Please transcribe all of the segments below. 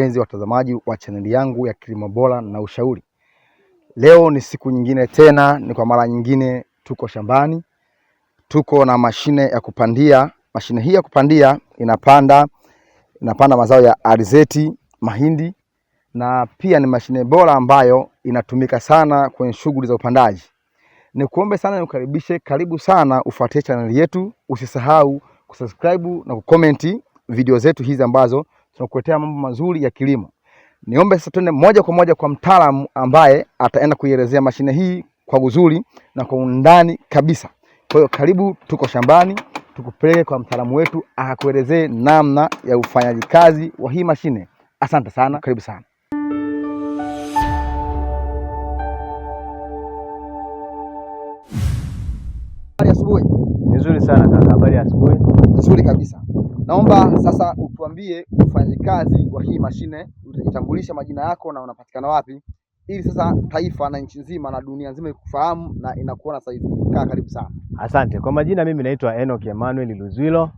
Wapenzi watazamaji wa chaneli yangu ya Kilimo Bora na Ushauri, leo ni siku nyingine tena, ni kwa mara nyingine tuko shambani, tuko na mashine ya kupandia. Mashine hii ya kupandia inapanda inapanda mazao ya alizeti, mahindi na pia ni mashine bora ambayo inatumika sana kwenye shughuli za upandaji. Ni kuombe sana nikukaribishe, karibu sana ufuatie chaneli yetu, usisahau kusubscribe na kukomenti video zetu hizi ambazo tunakuletea mambo mazuri ya kilimo. Niombe sasa tuende moja kwa moja kwa mtaalamu ambaye ataenda kuielezea mashine hii kwa uzuri na kwa undani kabisa. Kwa hiyo karibu, tuko shambani, tukupeleke kwa mtaalamu wetu akakuelezee namna ya ufanyaji kazi wa hii mashine. Asante sana, karibu sana. Habari asubuhi. Nzuri sana kaka, habari asubuhi vizuri kabisa. Naomba sasa utuambie mfanyakazi wa hii mashine, utajitambulisha majina yako na unapatikana wapi, ili sasa taifa na nchi nzima na dunia nzima ikufahamu na inakuona sasa hivi. Kaa karibu sana. Asante kwa majina, mimi naitwa Enoch Emmanuel Luzwilo,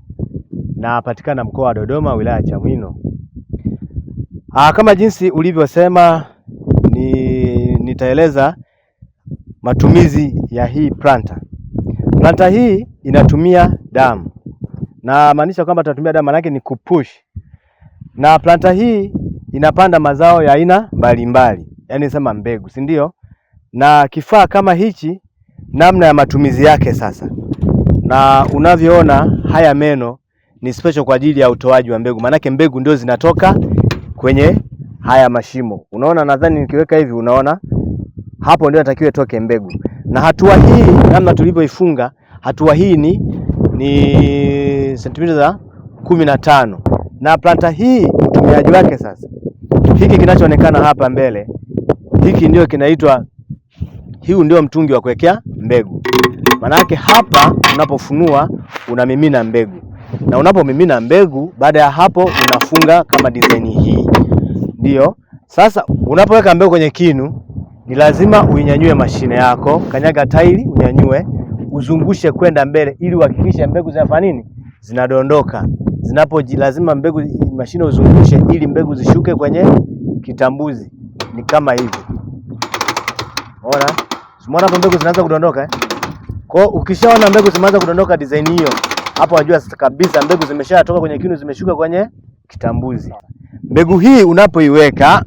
napatikana mkoa wa Dodoma, wilaya ya Chamwino. Ah, kama jinsi ulivyosema ni, nitaeleza matumizi ya hii planta. Planta hii inatumia damu na maanisha kwamba tunatumia dawa, maanake ni kupush, na planta hii inapanda mazao ya aina mbalimbali, yaani sema mbegu, si ndio? Na kifaa kama hichi, namna ya matumizi yake sasa, na unavyoona haya meno ni special kwa ajili ya utoaji wa mbegu, maanake mbegu ndio zinatoka kwenye haya mashimo. Unaona, nadhani nikiweka hivi, unaona hapo ndio natakiwa toke mbegu. Na hatua hii namna tulivyoifunga, hatua hii ni ni ni sentimita za kumi na tano na planta hii utumiaji wake sasa, hiki kinachoonekana hapa mbele, hiki ndio kinaitwa, huu ndio mtungi wa kuwekea mbegu. Maana yake hapa unapofunua unamimina mbegu, na unapomimina mbegu, baada ya hapo unafunga kama design hii. Ndio sasa unapoweka mbegu kwenye kinu, ni lazima uinyanyue mashine yako, kanyaga tairi, unyanyue, uzungushe kwenda mbele, ili uhakikishe mbegu zinafanya nini zinadondoka. Zinapo lazima mbegu mashine uzungushe ili mbegu zishuke kwenye kitambuzi, ni kama hivi. ona Umeona hapo mbegu zinaanza kudondoka eh? Kwa ukishaona mbegu zimeanza kudondoka design hiyo, hapo unajua kabisa mbegu zimeshatoka kwenye kinu zimeshuka kwenye kitambuzi. Mbegu hii unapoiweka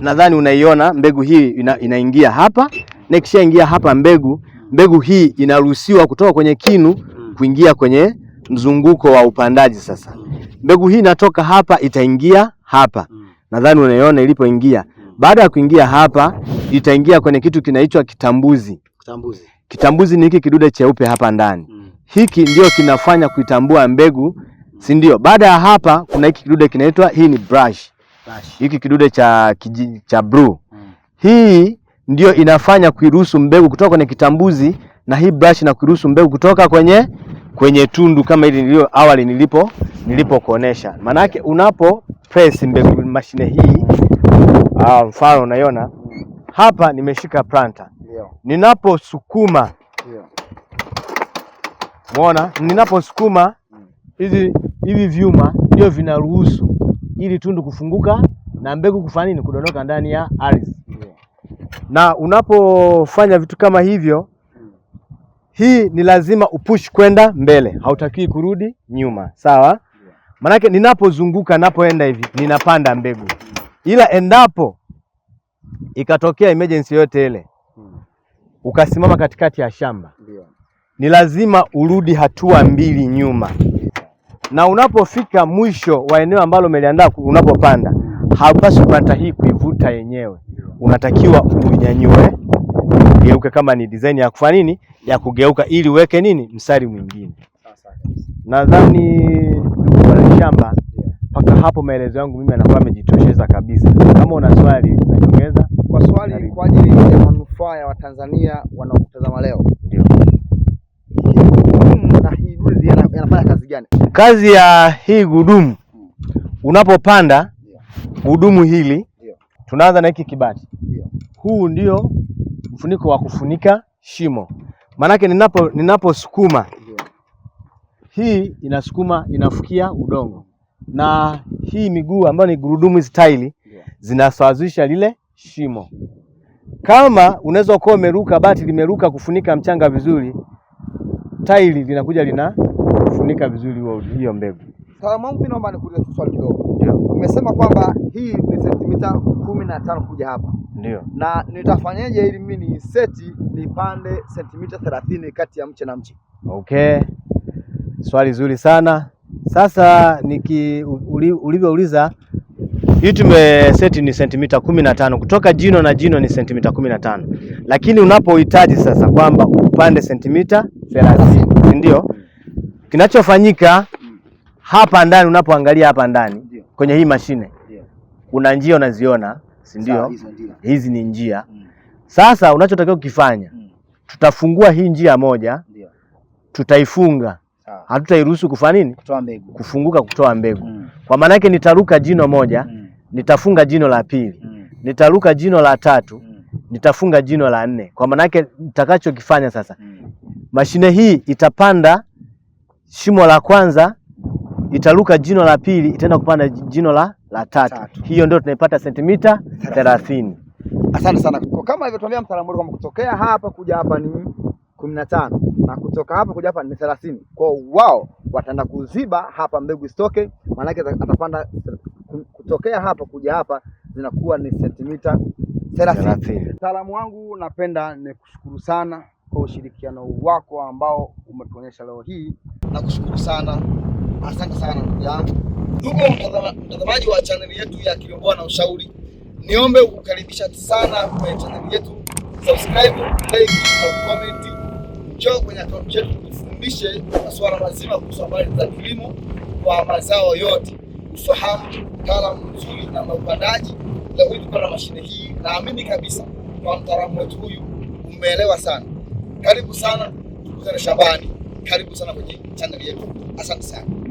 nadhani unaiona mbegu hii ina, inaingia hapa na ikishaingia hapa mbegu mbegu hii inaruhusiwa kutoka kwenye kinu kuingia kwenye mzunguko wa upandaji sasa. Mbegu hii inatoka hapa itaingia hapa, mm. nadhani unaiona ilipoingia. Mm. Baada ya kuingia hapa, itaingia kwenye kitu kinaitwa kitambuzi. Kitambuzi, kitambuzi ni hiki kidude cheupe hapa ndani, mm. hiki ndio kinafanya kuitambua mbegu, si ndio? Baada ya hapa, kuna hiki kidude kinaitwa, hii ni brush, hiki kidude cha cha blue, hii ndio inafanya kuiruhusu mbegu kutoka kwenye kitambuzi na hii brush na kuruhusu mbegu kutoka kwenye kwenye tundu kama hili nilio awali nilipo nilipokuonesha. Maanake unapo press mbegu mashine hii uh, mfano unaiona hapa, nimeshika planta, ninaposukuma muona, ninaposukuma hizi hivi vyuma ndio vinaruhusu ili tundu kufunguka na mbegu kufanya nini, kudondoka ndani ya ardhi. Na unapofanya vitu kama hivyo hii ni lazima upush kwenda mbele, hautakiwi kurudi nyuma, sawa? Manake ninapozunguka napoenda hivi ninapanda mbegu, ila endapo ikatokea emergency yote ile ukasimama katikati ya shamba, ni lazima urudi hatua mbili nyuma, na unapofika mwisho wa eneo ambalo umeliandaa unapopanda, haupaswi planta hii kuivuta yenyewe, unatakiwa unyanyue ugeuke kama ni design ya kufanya nini ya kugeuka ili uweke nini mstari mwingine. Nadhani ndugu wa shamba, mpaka hapo maelezo yangu mimi anakuwa amejitosheza kabisa. Kama una swali naongeza kwa swali kwa ajili ya manufaa ya Watanzania wanaokutazama leo, ndio yanafanya kazi gani? Kazi ya hii gudumu unapopanda gudumu hili, tunaanza na hiki kibati, huu ndio mfuniko wa kufunika shimo, maanake ninapo ninaposukuma hii inasukuma inafukia udongo, na hii miguu ambayo ni gurudumu staili zinasawazisha lile shimo. Kama unaweza kuwa umeruka bati limeruka kufunika mchanga vizuri, taili linakuja linafunika vizuri hiyo mbegu. Mtaalamu wangu, mimi naomba nikuulize swali kidogo. Ndio. Umesema kwamba hii ni sentimita kumi na tano kuja hapa. Ndio. Na nitafanyaje ili mimi ni seti nipande sentimita thelathini kati ya mche na mche? Okay, swali zuri sana. Sasa niki ulivyouliza hii tumeseti ni sentimita kumi na tano kutoka jino na jino ni sentimita kumi na tano lakini unapohitaji sasa kwamba upande sentimita thelathini ndio kinachofanyika hapa ndani, unapoangalia hapa ndani kwenye hii mashine kuna njia unaziona, si ndio? hizi ni njia mm. Sasa unachotakiwa kukifanya mm. tutafungua hii njia moja tutaifunga hatutairuhusu kufanya nini? Kufunguka kutoa mbegu mm. Kwa maana yake nitaruka jino moja mm. nitafunga jino la pili mm. nitaruka jino la tatu mm. nitafunga jino la nne. Kwa maana yake nitakachokifanya sasa mm. mashine hii itapanda shimo la kwanza italuka jino la pili, itaenda kupanda jino la, la tatu. Tatu. Hiyo ndio tunaipata sentimita 30. Asante sana kwa kama alivyotuambia mtaalamu kwamba kutokea hapa kuja hapa ni kumi na tano na kutoka hapa kuja hapa ni 30. Kwa wao wataenda kuziba hapa mbegu isitoke, yake atapanda kutokea hapa kuja hapa zinakuwa ni sentimita 30. Mtaalamu wangu, napenda nikushukuru sana kwa ushirikiano wako ambao umetuonyesha leo hii, nakushukuru sana. Asante sana ndugu yangu. Ndugu mtazamaji wa chaneli yetu ya Kiboboa na Ushauri, niombe kukaribisha sana kwenye chaneli yetu, subscribe, like na comment. Njoo kwenye akaunti yetu tufundishe masuala mazima kuhusu habari za kilimo kwa mazao yote, ufahamu taalamu nzuri na maupandaji tuko na mashine hii. Naamini kabisa kwa mtaalamu wetu huyu umeelewa sana. Karibu sana tukutane shambani, karibu sana kwenye chaneli yetu. Asante sana.